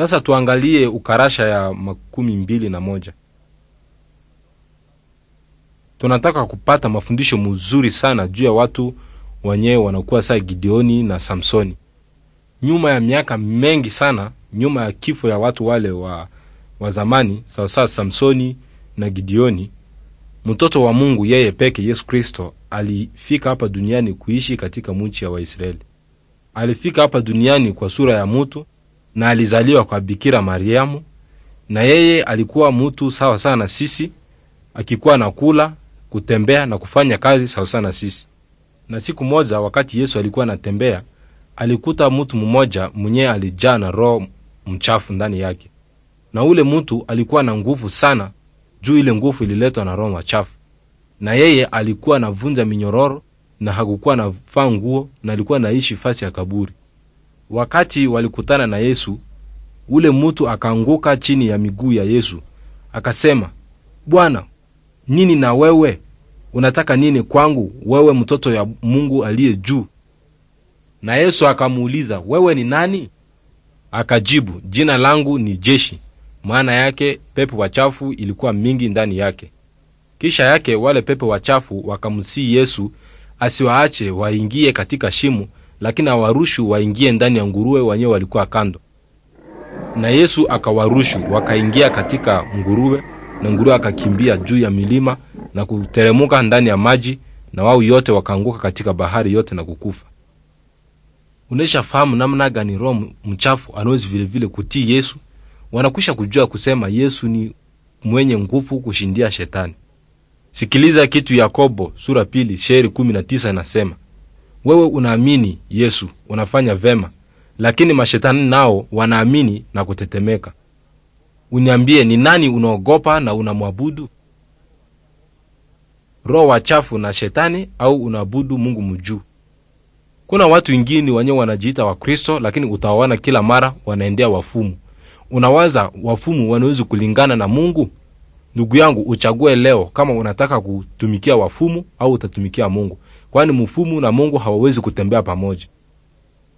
Sasa tuangalie ukarasha ya makumi mbili na moja. Tunataka kupata mafundisho mzuri sana juu ya watu wenyewe wanakuwa saa Gideoni na Samsoni, nyuma ya miaka mengi sana, nyuma ya kifo ya watu wale wa, wa zamani sawasawa Samsoni na Gideoni. Mtoto wa Mungu yeye peke Yesu Kristo alifika hapa duniani kuishi katika muchi ya Waisraeli. Alifika hapa duniani kwa sura ya mutu na alizaliwa kwa Bikira Mariamu, na yeye alikuwa mtu sawa sana na sisi, akikuwa na kula, kutembea na kufanya kazi sawa sana na sisi. Na siku moja wakati Yesu alikuwa anatembea, alikuta mtu mmoja mwenye alijaa na roho mchafu ndani yake, na ule mtu alikuwa na nguvu sana juu ile nguvu ililetwa na roho machafu, na yeye alikuwa anavunja minyororo na hakukuwa anavaa nguo na alikuwa naishi fasi ya kaburi. Wakati walikutana na Yesu, ule mtu akaanguka chini ya miguu ya Yesu akasema, Bwana, nini na wewe? Unataka nini kwangu, wewe mtoto ya Mungu aliye juu? Na Yesu akamuuliza, wewe ni nani? Akajibu, jina langu ni Jeshi, maana yake pepo wachafu ilikuwa mingi ndani yake. Kisha yake wale pepo wachafu wakamsii Yesu asiwaache waingie katika shimo lakini awarushu waingie ndani ya nguruwe wanye walikuwa kando. Na Yesu akawarushu wakaingia katika nguruwe, na nguruwe akakimbia juu ya milima na kuteremuka ndani ya maji, na wao yote wakaanguka katika bahari yote na kukufa. Unesha fahamu namna gani roho mchafu anawezi vilevile kutii Yesu. Wanakwisha kujua kusema Yesu ni mwenye nguvu kushindia shetani. Sikiliza kitu Yakobo sura pili sheri 19 inasema wewe unaamini Yesu, unafanya vema, lakini mashetani nao wanaamini na kutetemeka. Uniambie, ni nani unaogopa na unamwabudu? Roho wachafu na shetani, au unaabudu Mungu mjuu? Kuna watu wengine wenyewe wanajiita Wakristo, lakini utawaona kila mara wanaendea wafumu. Unawaza wafumu wanawezi kulingana na Mungu? Ndugu yangu, uchague leo kama unataka kutumikia wafumu au utatumikia Mungu kwani mfumo na Mungu hawawezi kutembea pamoja.